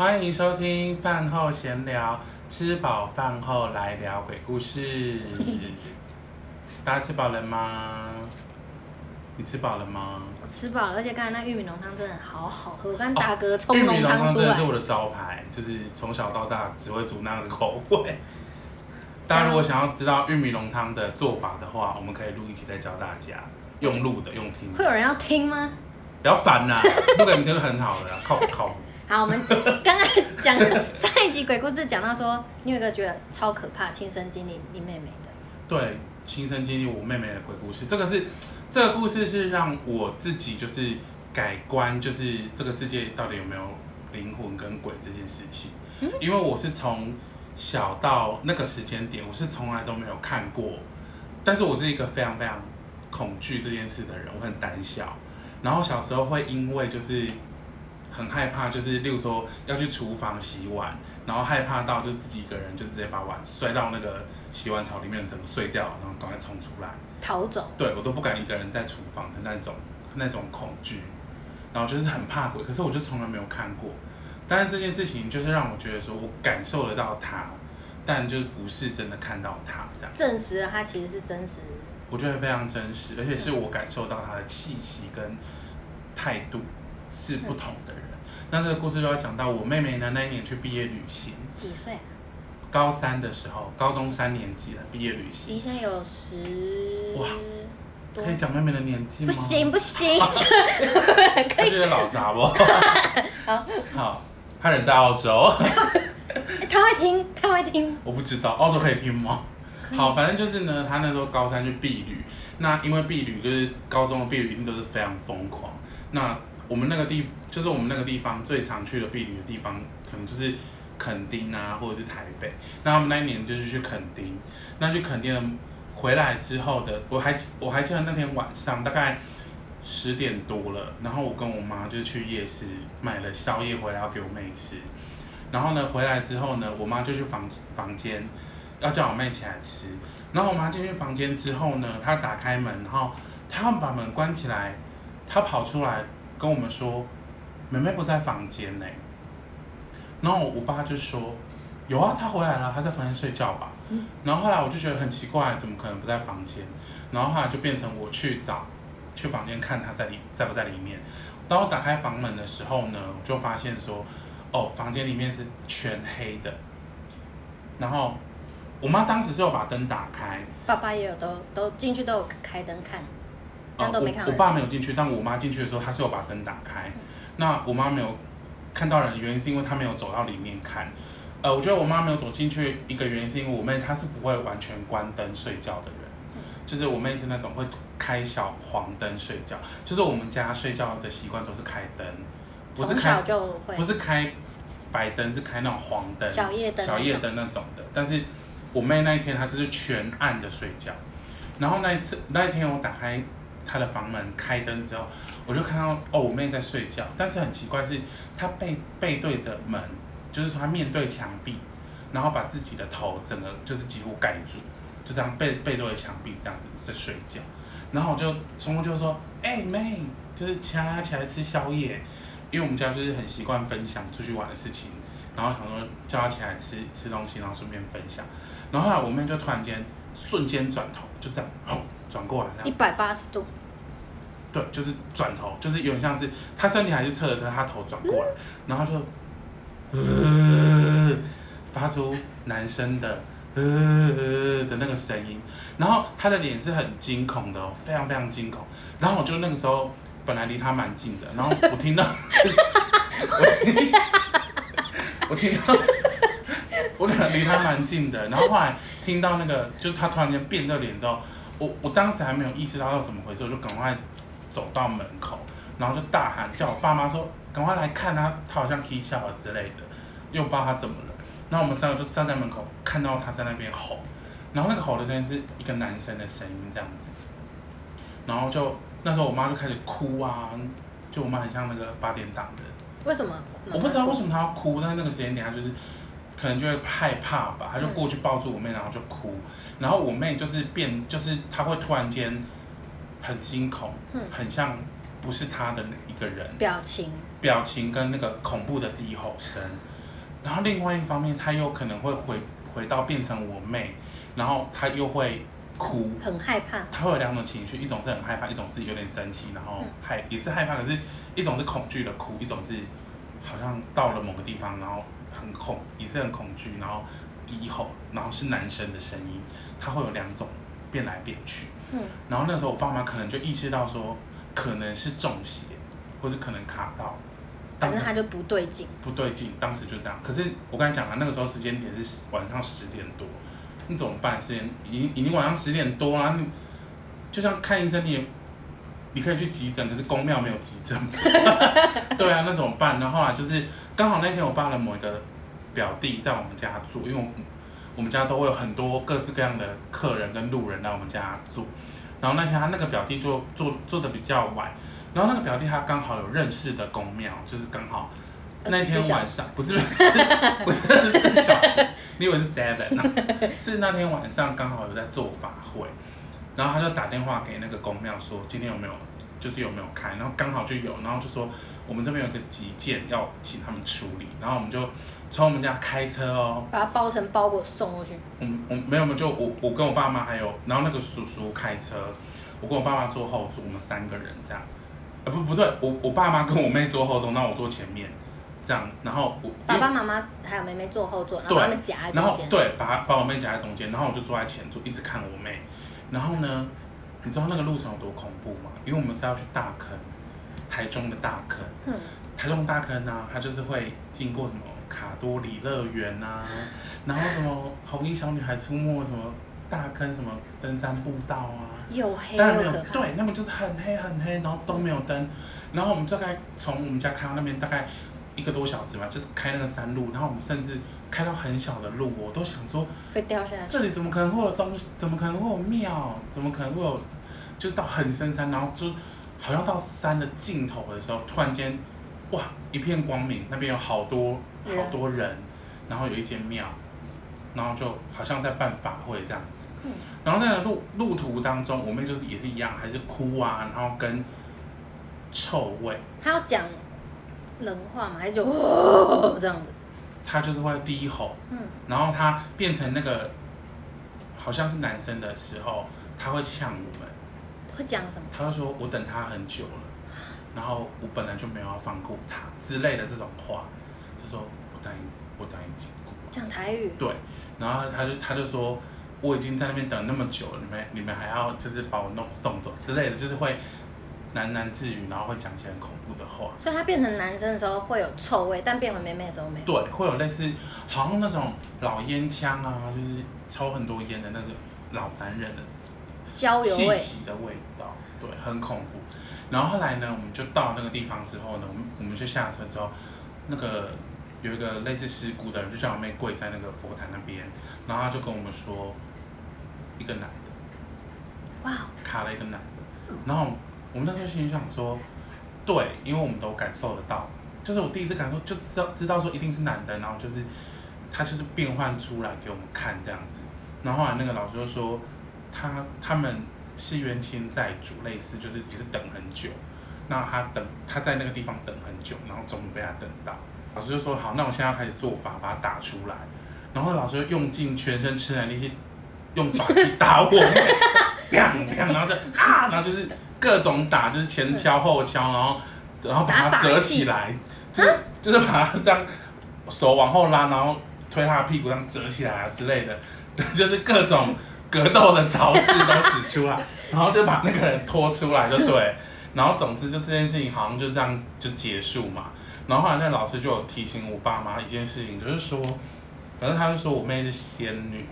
歡迎收聽飯後閒聊，吃飽飯後來聊鬼故事。 大家吃飽了嗎？你吃飽了嗎？我吃飽了，而且剛才那玉米濃湯真的好好喝。我剛大哥、哦、沖濃 玉米濃湯出真的是我的招牌，來就是從小到大只會煮那樣的口味。大家 如果想要知道玉米濃湯的做法的話，我們可以錄一期再教大家，用錄的用聽的。會有人要聽嗎？不要煩啦，錄給你們聽就很好了、啊，靠不靠？好，我們剛剛講上一集鬼故事，講到說你有一個覺得超可怕親身經歷你妹妹的。對，親身經歷我妹妹的鬼故事，這個是這個故事是讓我自己就是改觀，就是這個世界到底有沒有靈魂跟鬼這件事情。嗯。因為我是從小到那個時間點，我是從來都沒有看過，但是我是一個非常非常恐懼這件事的人，我很膽小，然後小時候會因為就是。很害怕，就是例如說要去廚房洗碗，然後害怕到就自己一個人就直接把碗摔到那個洗碗槽裡面，整個碎掉，然後趕快衝出來逃走。對我都不敢一個人在廚房的那種那種恐懼，然後就是很怕鬼，可是我就從來沒有看過。但是這件事情就是讓我覺得說我感受得到它，但就不是真的看到它這樣。證實了它其實是真實。我覺得非常真實，而且是我感受到它的氣息跟態度。是不同的人，嗯、那這個故事就要講到我妹妹呢。那一年去畢業旅行，幾歲、啊？高三的時候，高中三年級了，畢業旅行。現在有十，哇，可以講妹妹的年紀嗎不？不行不行，好 可以就是老雜不？好， 好，好，他人在澳洲， 他會聽，他會聽，我不知道澳洲可以聽嗎？以好，反正就是呢，他那時候高三去畢旅，那因為畢旅就是高中的畢旅一定都是非常瘋狂，那。我們那個地，就是我們那個地方最常去的畢旅的地方，可能就是墾丁啊，或者是台北。那我們那一年就是去墾丁，那去墾丁回來之後的，我還我還記得那天晚上大概十點多了，然後我跟我媽就去夜市買了宵夜回來要給我妹吃。然後呢，回來之後呢，我媽就去房房間要叫我妹起來吃。然後我媽進去房間之後呢，她打開門，然後她要把門關起來，她跑出來。跟我們說，妹妹不在房間呢、欸，然後我，我爸就說，有啊，她回來了，她在房間睡覺吧。嗯。然後後來我就覺得很奇怪，怎麼可能不在房間？然後後來就變成我去找，去房間看她在裡在不在裡面。當我打開房門的時候呢，我就發現說，哦，房間裡面是全黑的。然後我媽當時是有把燈打開。爸爸也有，都都進去都有開燈看。啊、我我爸沒有進去，但我媽進去的時候，他是有把燈打開。嗯、那我媽沒有看到人，原因是因為她沒有走到裡面看。呃，我覺得我媽沒有走進去一個原因，是因為我妹她是不會完全關燈睡覺的人，嗯、就是我妹是那種會開小黃燈睡覺，就是我們家睡覺的習慣都是開燈，不是開，不是開白燈，是開那種黃燈小夜燈小夜燈那種的。但是我妹那一天她就是全暗的睡覺，然後那一次那一天我打開。他的房門開燈之後，我就看到哦，我妹在睡覺，但是很奇怪是她背背對着門，就是說她面對牆壁，然後把自己的頭整個就是幾乎蓋住，就這樣背背對着牆壁這樣子在睡覺。然後我就衝過去說：“哎、欸、妹，就是起來起來吃宵夜，因為我們家就是很習慣分享出去玩的事情，然後想說叫她起來吃吃東西，然後順便分享。然後後來我妹就突然間瞬間轉頭，就這樣。哦”轉過來一百八十度，對，就是轉頭，就是有點像是他身體還是側着，他頭轉過來，然後他就呃發出男生的呃的那個聲音，然後他的臉是很驚恐的哦，非常非常驚恐。然後我就那個時候本來離他蠻近的，然後我聽到，我聽到，我聽到，我倆離他蠻近的，然後後來聽到那個，就他突然間變這個臉之後。我我當時還沒有意識到要怎麼回事，我就趕快走到門口，然後就大喊叫我爸媽說趕快來看他，他好像踢笑了之類的，又不知道他怎麼了。然後我們三個就站在門口看到他在那邊吼，然後那個吼的聲音是一個男生的聲音這樣子。然後就那時候我媽就開始哭啊，就我媽很像那個八點檔的。為什麼哭？我不知道為什麼他要哭，但是那個時間點就是。可能就會害怕吧，他就過去抱住我妹，嗯、然後就哭，然後我妹就是變，就是他會突然間很驚恐，嗯、很像不是他的一個人。表情。表情跟那個恐怖的低吼聲，然後另外一方面他又可能會回回到變成我妹，然後他又會哭、嗯，很害怕。他會有兩種情緒，一種是很害怕，一種是有點生氣，然後害、嗯、也是害怕，的，是一種是恐懼的哭，一種是好像到了某個地方，然後。恐也是很恐懼，然後低吼，然後是男生的聲音，他會有兩種變來變去。嗯，然後那時候我爸媽可能就意識到說，可能是中邪，或是可能卡到，當時反正他就不對勁，不對勁。當時就這樣，可是我剛才講了、啊，那個時候時間點是晚上十點多，那怎麼辦？時間已經已經晚上十點多了，你就像看醫生你，你你可以去急診，可是宮廟沒有急診。 對啊，那怎麼辦？然後來、啊、就是剛好那天我爸的某一個。表弟在我們家住，因為我們,我們家都會有很多各式各樣的客人跟路人來我們家住。然後那天他那個表弟就做做得比較晚，然後那個表弟他剛好有認識的宮廟，就是剛好那天晚上、哦、是不是不是, 不是,是小，你以為是 seven，是那天晚上剛好有在做法會，然後他就打電話給那個宮廟說今天有沒有就是有沒有開，然後剛好就有，然後就說我們這邊有個急件要請他們處理，然後我們就。從我們家開車哦，把它包成包裹送過去。嗯，我沒有沒有，就我我跟我爸媽還有，然後那個叔叔開車，我跟我爸爸坐後座，我們三個人這樣。啊，不不對，我我爸媽跟我妹坐後座，那、嗯、我坐前面，這樣。然後我爸爸媽媽還有妹妹坐後座，然後他們夾然後，然後對，把把我妹夾在中間，然後我就坐在前座一直看我妹。然後呢，你知道那個路程有多恐怖嗎？因為我們是要去大坑，台中的大坑。嗯、台中大坑呢、啊，它就是會經過什麼？卡多里樂園吶、啊， 然後什麼紅衣小女孩出沒，什麼大坑，什麼登山步道啊，當然沒有，對，那麼就是很黑很黑，然後都沒有燈，嗯、然後我們就大概從我們家開到那邊大概一個多小時吧，就是開那個山路，然後我們甚至開到很小的路，我都想說，會掉下來，這裡怎麼可能會有東西？怎麼可能會有廟？怎麼可能會有？就是到很深山，然後就好像到山的盡頭的時候，突然間。哇，一片光明，那邊有好多好多人，嗯、然後有一間廟，然後就好像在辦法會這樣子，嗯、然後在路路途當中，我們就是也是一樣，還是哭啊，然後跟臭味。他要講人話嗎？還是就、哦、這樣子？他就是會低吼，嗯，然後他變成那個好像是男生的時候，他會嗆我們。會講什麼？他會說：“我等他很久了。”然後我本來就沒有要放過他之類的這種話，就說我答應我答應進。講台語。對，然後他就他就說，我已經在那邊等了那麼久了，你們你們還要就是把我弄送走之類的，就是會喃喃自語，然後會講一些很恐怖的話。所以他變成男生的時候會有臭味，但變回妹妹的時候沒有。對，會有類似好像那種老煙槍啊，就是抽很多煙的那種老男人的。交氣息的味道，對，很恐怖。然後後來呢，我們就到那個地方之後呢，我們我們就下車之後，那個有一個類似師姑的人，就叫我妹跪在那個佛壇那邊，然後他就跟我們說，一個男的，哇，卡了一個男的。然後我們那時候心裡想說，對，因為我們都感受得到，就是我第一次感受就知道知道說一定是男的，然後就是他就是變換出來給我們看這樣子。然後後來那個老師就說。他他們是冤親債主，類似就是也是等很久，那他等他在那個地方等很久，然後終於被他等到，老師就說好，那我現在要開始做法，把它打出來，然後老師用盡全身吃奶力氣用法器打我，啪啪，然後就啊，然後就是各種打，就是前敲後敲，然後然後把它折起來，就是就是把它這樣手往後拉，然後推他的屁股這樣折起來啊之類的，就是各種。格鬥的招式都使出來， 然後就把那個人拖出來就對，然後總之就這件事情好像就這樣就結束嘛。然後後來那老師就有提醒我爸媽一件事情，就是說，反正他就說我妹是仙女，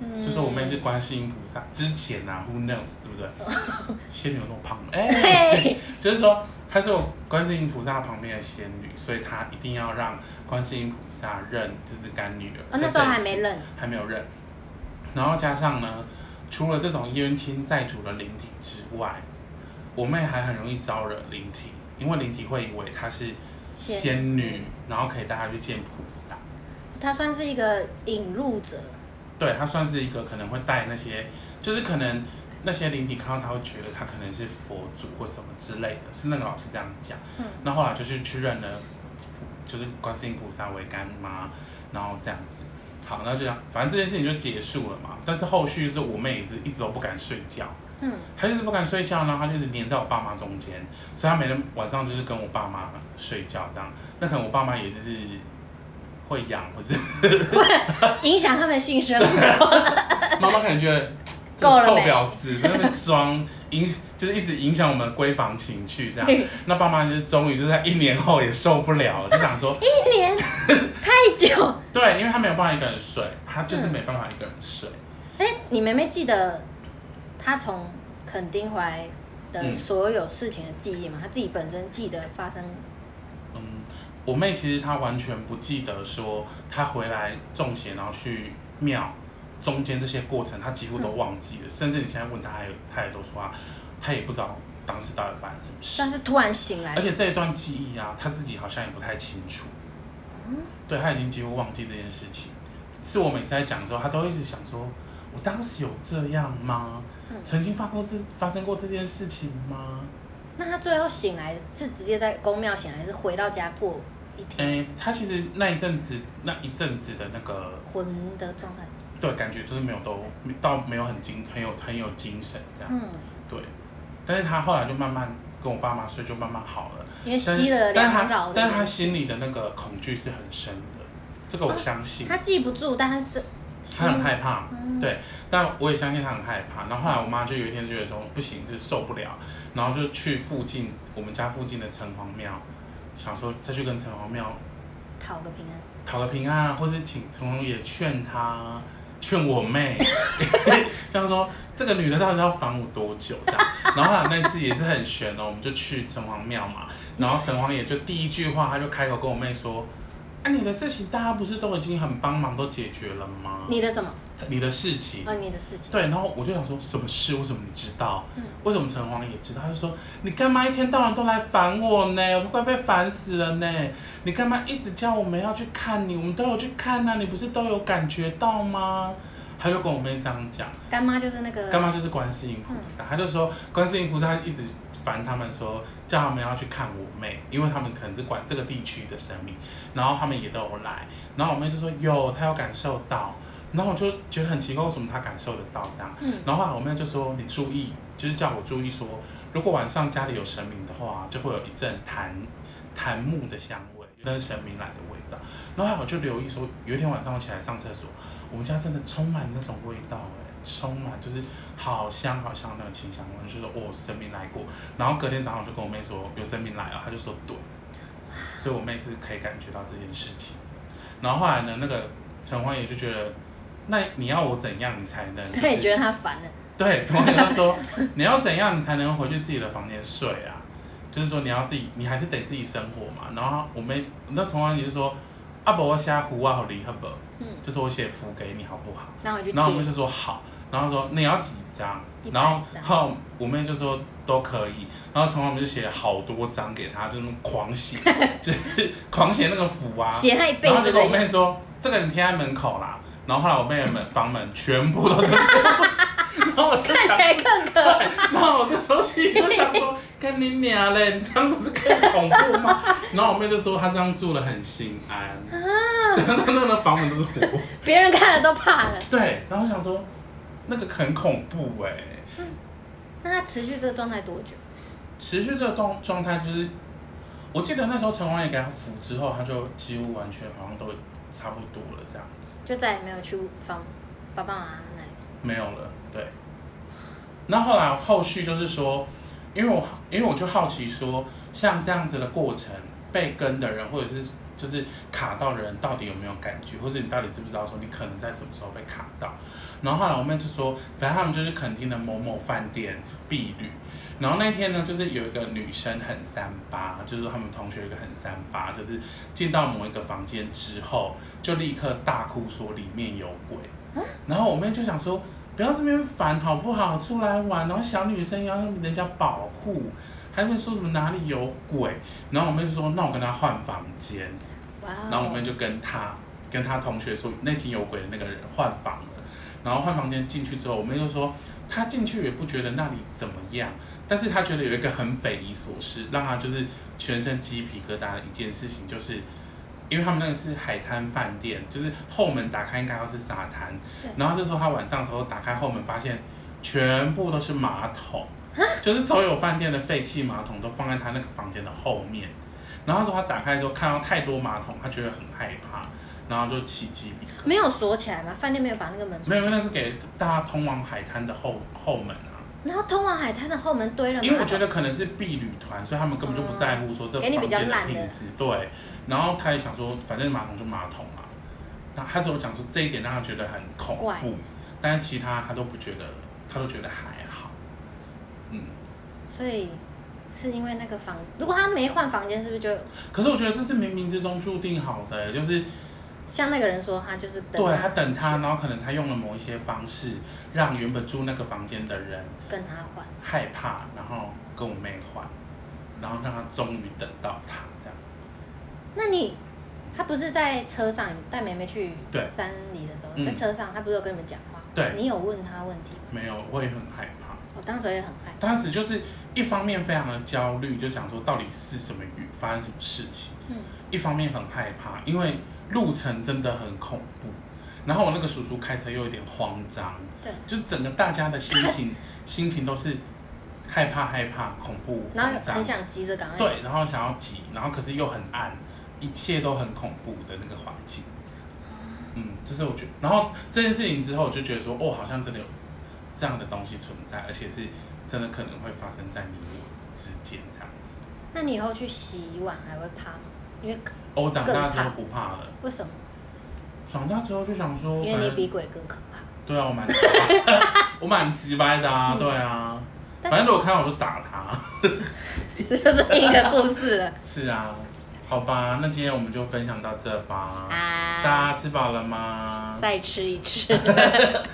嗯、就是我妹是觀世音菩薩之前啊 who knows，對不對？哦、仙女有那麼胖，哎，哎，哎，就是說她是我觀世音菩薩旁邊的仙女，所以她一定要讓觀世音菩薩認就是乾女兒，哦。那時候還沒認，還沒有認。然後加上呢，除了這種冤親債主的靈體之外，我妹還很容易招惹靈體，因為靈體會以為她是仙女，天然後可以帶她去見菩薩。她算是一個引路者。對，她算是一個可能會帶那些，就是可能那些靈體看到她會覺得她可能是佛祖或什麼之類的，是那個老師這樣講。那、嗯、後，後來就去認了，就是觀世音菩薩為乾媽，然後這樣子。那就這樣，反正這件事情就結束了嘛。但是後續是我妹也是一直都不敢睡覺，嗯，她就是不敢睡覺呢，她就是黏在我爸媽中間，所以她每天晚上就是跟我爸媽睡覺這樣。那可能我爸媽也就是會癢，或是影響他們的性生活。媽媽 可能覺得。臭婊子，在那裝，影 就是一直影響我們閨房情趣這樣。 那爸媽就是終於就在一年後也受不了了，就想說 一年太久。對，因為他沒有辦法一個人睡，他就是沒辦法一個人睡。嗯，欸，你妹妹記得她從墾丁回來的所有事情的記憶嗎？她、嗯、自己本身記得發生？嗯，我妹其實她完全不記得說她回來中邪，然後去廟。中間這些過程，他幾乎都忘記了，嗯、甚至你現在問他，還有他也都說他，他也不知道當時到底發生什麼事。但是突然醒來，而且這一段記憶啊，他自己好像也不太清楚。嗯。對他已經幾乎忘記這件事情，是我每次在講的時候，他都一直想說，我當時有這樣嗎？嗯、曾經發生是發生過這件事情嗎？那他最後醒來是直接在宮廟醒來，還是回到家過一天？欸、他其實那一陣子，那一陣子的那個魂的狀態。對，感覺就是沒有都，倒沒有很精，很有很有精神這樣。嗯、對。但是他後來就慢慢跟我爸媽，睡，就慢慢好了。因為吸了，但是，但他但他心裡的那個恐懼是很深的，這個我相信。哦、他記不住，但他是。他很害怕。嗯、對，但我也相信他很害怕。然後後來我媽就有一天就覺得說：“不行，就受不了。”然後就去附近我們家附近的城隍廟，想說再去跟城隍廟討個平安。討個平安，或是請城隍廟也勸他。勸我妹， 這樣說這個女的到底要煩我多久的。然後、啊、那次也是很玄哦，我們就去城隍廟嘛，然後城隍爺就第一句話他就開口跟我妹說：“啊，你的事情大家不是都已經很幫忙都解決了嗎？”你的什麼？你的事情，哦、你的事情，的事情，對，然後我就想說，什麼事？為什麼你知道？嗯、為什麼城隍也知道？他就說，你幹嘛一天到晚都來煩我呢？我都快被煩死了呢！你幹嘛一直叫我們要去看你？我們都有去看吶、啊，你不是都有感覺到嗎？他就跟我妹這樣講。乾媽就是那個，乾媽就是觀世音菩薩，嗯、他就說觀世音菩薩他一直煩他們說，說叫他們要去看我妹，因為他們可能是管這個地區的神明。然後他們也都有來，然後我妹就說有，她有感受到。然後我就覺得很奇怪，為什麼他感受得到這樣？嗯、然後後來我妹就說：“你注意，就是叫我注意說，如果晚上家裡有神明的話，就會有一陣檀檀木的香味，那、就是神明來的味道。”然後，後來我就留意說，有一天晚上我起來上廁所，我們家真的充滿那種味道，欸，充滿就是好香好香那個清香，我就說，哦，神明來過。然後隔天早上我就跟我妹說：“有神明來了。”她就說：“對。”所以，我妹是可以感覺到這件事情。然後後來呢，那個陳歡也就覺得。那你要我怎樣，你才能對？他也覺得他煩了。對，我說：“你要怎樣，你才能回去自己的房間睡啊？就是說你要自己，你還是得自己生活嘛。”然後我妹，那從來你就說：“阿、啊、伯、啊，我寫福啊好厲害不？嗯，就是我寫福給你好不好？”那我，然後我就然後，然後我妹就說：“好。”然後說：“你要幾張？”一張。然後我妹就說：“都可以。”然後從來我們就寫好多張給他，就那、是、狂寫， 就是狂寫那個福啊。寫太背。然後就跟我妹說：“ 這個人貼在門口啦。”然後後來我妹的門房門全部都是火， 然後我就想，看起來更可怕。對，然後我就生氣，就想說，跟 你娘嘞，你這樣不是更恐怖嗎？ 然後我妹就說她這樣住得很心安，啊，然後那那房門都是火，別人看了都怕了。對，然後我想說那個很恐怖哎、欸。嗯，那他持續這個狀態多久？持續這個動狀態就是，我記得那時候陳王爺給他敷之後，他就幾乎完全好像都。差不多了，這樣子就再也沒有去幫爸爸媽媽那沒有了。對，那後，後來後續就是說，因為我因為我就好奇說，像這樣子的過程被跟的人或者是就是卡到的人到底有沒有感覺，或者你到底知不知道說你可能在什麼時候被卡到？然後後來我們就說，反正他們就是肯定的某某飯店。碧綠，然後那天呢，就是有一個女生很三八，就是他們同學有一個很三八，就是進到某一個房間之後，就立刻大哭說裡面有鬼。然後我妹就想說，不要這邊煩好不好，出來玩，然後小女生要人家保護，還會說什麼哪裡有鬼。然後我妹就說，那我跟她換房間。然後我妹就跟她跟她同學說，那間有鬼的那個人換房了。然後換房間進去之後，我妹就說。他進去也不覺得那裡怎麼樣，但是他覺得有一個很匪夷所思，讓他就是全身雞皮疙瘩的一件事情，就是因為他們那個是海灘飯店，就是後門打開應該要是沙灘，對然後就說他晚上的時候打開後門，發現全部都是馬桶，蛤就是所有飯店的廢棄馬桶都放在他那個房間的後面，然後他說他打開之後看到太多馬桶，他覺得很害怕。然後就起雞皮，沒有鎖起來嗎？飯店沒有把那個門沒？沒有，那是給大家通往海灘的後後門啊。然後通往海灘的後門堆了嗎？因為我覺得可能是畢旅團，所以他們根本就不在乎說這房間的品質。嗯、對，然後他也想說，反正馬桶就馬桶嘛、啊。他他只有講說這一點讓他覺得很恐怖，怪但是其他他都不覺得，他都覺得還好。嗯，所以是因為那個房，如果他沒換房間，是不是就？可是我覺得這是冥冥之中注定好的、欸，就是。像那個人說，他就是等他對他等他，然後可能他用了某一些方式，讓原本住那個房間的人跟他換，害怕，然後跟我妹換，然後讓他終於等到他這樣。那你他不是在車上帶妹妹去對山裡的時候，嗯、在車上他不是有跟你們講話？對，你有問他問題嗎？沒有，我也很害怕。我當時也很害怕，當時就是一方面非常的焦慮，就想說到底是什麼遇發生什麼事情？嗯，一方面很害怕，因為。路程真的很恐怖，然後我那個叔叔開車又有點慌張，對，就整個大家的心情心情都是害怕害怕恐怖，然後很想急着趕，對，然後想要急，然後可是又很暗，一切都很恐怖的那個環境，嗯，這是我覺得，然後這件事情之後我就覺得說，哦，好像真的有這樣的東西存在，而且是真的可能會發生在你我之間這樣子。那你以後去洗碗還會怕嗎？因為。我、哦、長大之後不怕了。怕為什麼？長大之後就想說，因為你比鬼更可怕。對啊，我蠻， 我蠻直白的啊，嗯、對啊。是反正如果看到我就打他。 這就是另一個故事了。 是啊，好吧，那今天我們就分享到這吧。啊、大家吃飽了嗎？再吃一吃。